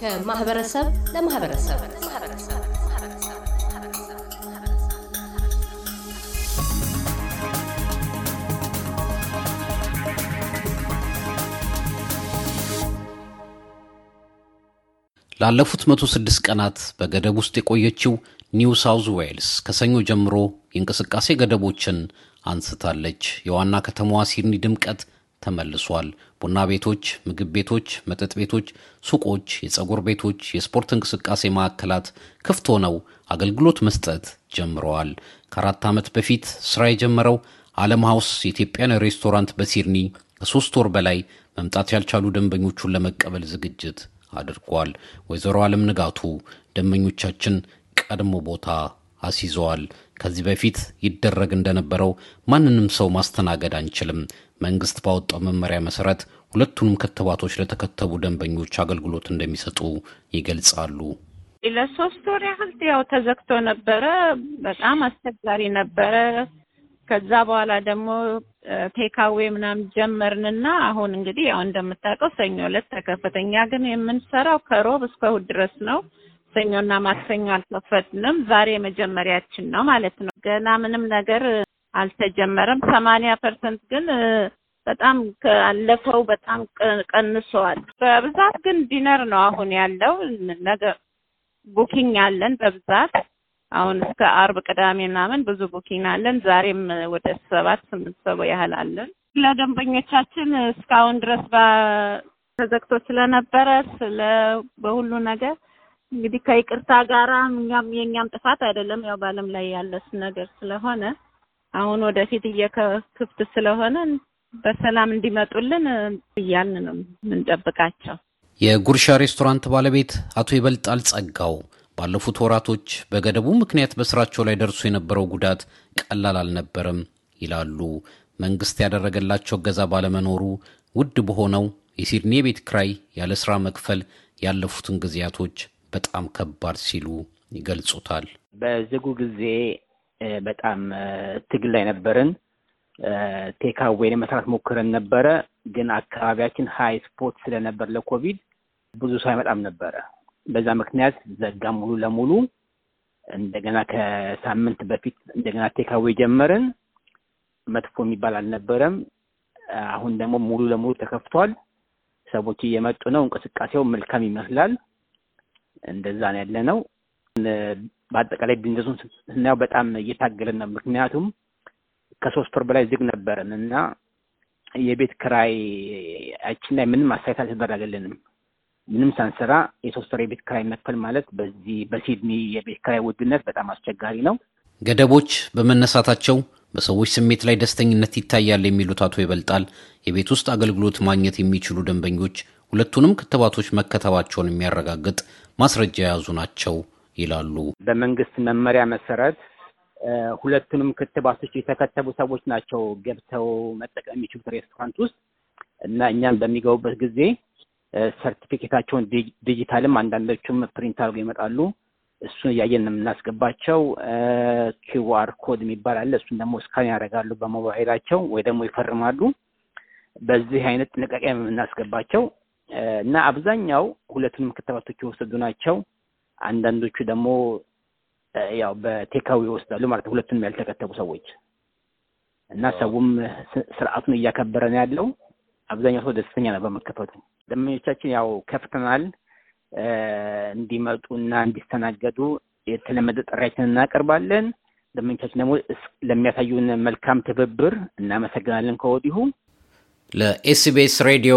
ከማህበረሰብ ለማህበረሰብ ላለፉት መቶ ስድስት ቀናት በገደብ ውስጥ የቆየችው ኒው ሳውዝ ዌልስ ከሰኞ ጀምሮ የእንቅስቃሴ ገደቦችን አንስታለች። የዋና ከተማዋ ሲድኒ ድምቀት ተመልሷል። ቡና ቤቶች፣ ምግብ ቤቶች፣ መጠጥ ቤቶች፣ ሱቆች፣ የጸጉር ቤቶች፣ የስፖርት እንቅስቃሴ ማዕከላት ክፍት ሆነው አገልግሎት መስጠት ጀምረዋል። ከአራት ዓመት በፊት ስራ የጀመረው ዓለም ሐውስ የኢትዮጵያን ሬስቶራንት በሲድኒ ከሦስት ወር በላይ መምጣት ያልቻሉ ደንበኞቹን ለመቀበል ዝግጅት አድርጓል። ወይዘሮ ዓለም ንጋቱ ደንበኞቻችን ቀድሞ ቦታ አስይዘዋል። ከዚህ በፊት ይደረግ እንደነበረው ማንንም ሰው ማስተናገድ አንችልም። መንግስት ባወጣው መመሪያ መሰረት ሁለቱንም ክትባቶች ለተከተቡ ደንበኞች አገልግሎት እንደሚሰጡ ይገልጻሉ። ለሶስት ወር ያህል ያው ተዘግቶ ነበረ። በጣም አስቸጋሪ ነበረ። ከዛ በኋላ ደግሞ ቴካዌ ምናምን ጀመርንና አሁን እንግዲህ ያው እንደምታውቀው ሰኞ ዕለት ተከፈተ። እኛ ግን የምንሰራው ከሮብ እስከ እሑድ ድረስ ነው። ሰኞና ማክሰኞ አልተፈትንም። ዛሬ መጀመሪያችን ነው ማለት ነው። ገና ምንም ነገር አልተጀመረም። ሰማንያ ፐርሰንት ግን በጣም ካለፈው በጣም ቀንሰዋል። በብዛት ግን ዲነር ነው አሁን ያለው ነገር ቡኪንግ አለን በብዛት አሁን እስከ አርብ ቅዳሜ ምናምን ብዙ ቡኪንግ አለን። ዛሬም ወደ ሰባት ስምንት ሰው ያህል አለን። ለደንበኞቻችን እስካሁን ድረስ ተዘግቶ ስለነበረ ስለ በሁሉ ነገር እንግዲህ ከይቅርታ ጋራ እኛም የእኛም ጥፋት አይደለም። ያው በዓለም ላይ ያለስ ነገር ስለሆነ አሁን ወደፊት እየከፍት ስለሆነ በሰላም እንዲመጡልን እያልን ነው የምንጠብቃቸው። የጉርሻ ሬስቶራንት ባለቤት አቶ ይበልጣል ጸጋው ባለፉት ወራቶች በገደቡ ምክንያት በስራቸው ላይ ደርሶ የነበረው ጉዳት ቀላል አልነበረም ይላሉ። መንግስት ያደረገላቸው እገዛ ባለመኖሩ ውድ በሆነው የሲድኒ የቤት ክራይ ያለ ስራ መክፈል ያለፉትን ጊዜያቶች በጣም ከባድ ሲሉ ይገልጹታል። በዝጉ ጊዜ በጣም ትግል ላይ ነበርን። ቴካዌይ ለመስራት ሞክረን ነበረ፣ ግን አካባቢያችን ሀይ ስፖት ስለነበር ለኮቪድ ብዙ ሰው አይመጣም ነበረ። በዛ ምክንያት ዘጋ ሙሉ ለሙሉ። እንደገና ከሳምንት በፊት እንደገና ቴካዌ ጀመርን። መጥፎ የሚባል አልነበረም። አሁን ደግሞ ሙሉ ለሙሉ ተከፍቷል። ሰዎች እየመጡ ነው። እንቅስቃሴው መልካም ይመስላል። እንደዛ ነው ያለ ነው። በአጠቃላይ ቢዝነሱን ስናየው በጣም እየታገልን ነው። ምክንያቱም ከሶስት ወር በላይ ዝግ ነበርን እና የቤት አችን ላይ ምንም አስተያየት አልተደረገልንም። ምንም ሳንሰራ የሶስት ወር የቤት ክራይ መክፈል ማለት በዚህ በሲድኒ የቤት ክራይ ውድነት በጣም አስቸጋሪ ነው። ገደቦች በመነሳታቸው በሰዎች ስሜት ላይ ደስተኝነት ይታያል የሚሉት አቶ ይበልጣል የቤት ውስጥ አገልግሎት ማግኘት የሚችሉ ደንበኞች ሁለቱንም ክትባቶች መከተባቸውን የሚያረጋግጥ ማስረጃ የያዙ ናቸው ይላሉ። በመንግስት መመሪያ መሰረት ሁለቱንም ክትባቶች የተከተቡ ሰዎች ናቸው ገብተው መጠቀም የሚችሉት ሬስቶራንት ውስጥ እና እኛም በሚገቡበት ጊዜ ሰርቲፊኬታቸውን ዲጂታልም አንዳንዶቹም ፕሪንት አድርገው ይመጣሉ። እሱን እያየን የምናስገባቸው ኪዋር ኮድ የሚባል አለ። እሱን ደግሞ እስካን ያደርጋሉ በሞባይላቸው ወይ ደግሞ ይፈርማሉ። በዚህ አይነት ጥንቃቄ የምናስገባቸው እና አብዛኛው ሁለቱንም ክትባቶች የወሰዱ ናቸው። አንዳንዶቹ ደግሞ ያው በቴካዊ ይወስዳሉ ማለት ሁለቱንም ያልተከተቡ ሰዎች እና ሰውም ስርዓቱን እያከበረ ነው ያለው። አብዛኛው ሰው ደስተኛ ነው በመከፈቱ። ደመኞቻችን ያው ከፍተናል እንዲመጡና እንዲስተናገዱ የተለመደ ጥሪያችን እናቀርባለን። ደመኞቻችን ደግሞ ለሚያሳዩን መልካም ትብብር እናመሰግናለን ከወዲሁ ለኤስቢኤስ ሬዲዮ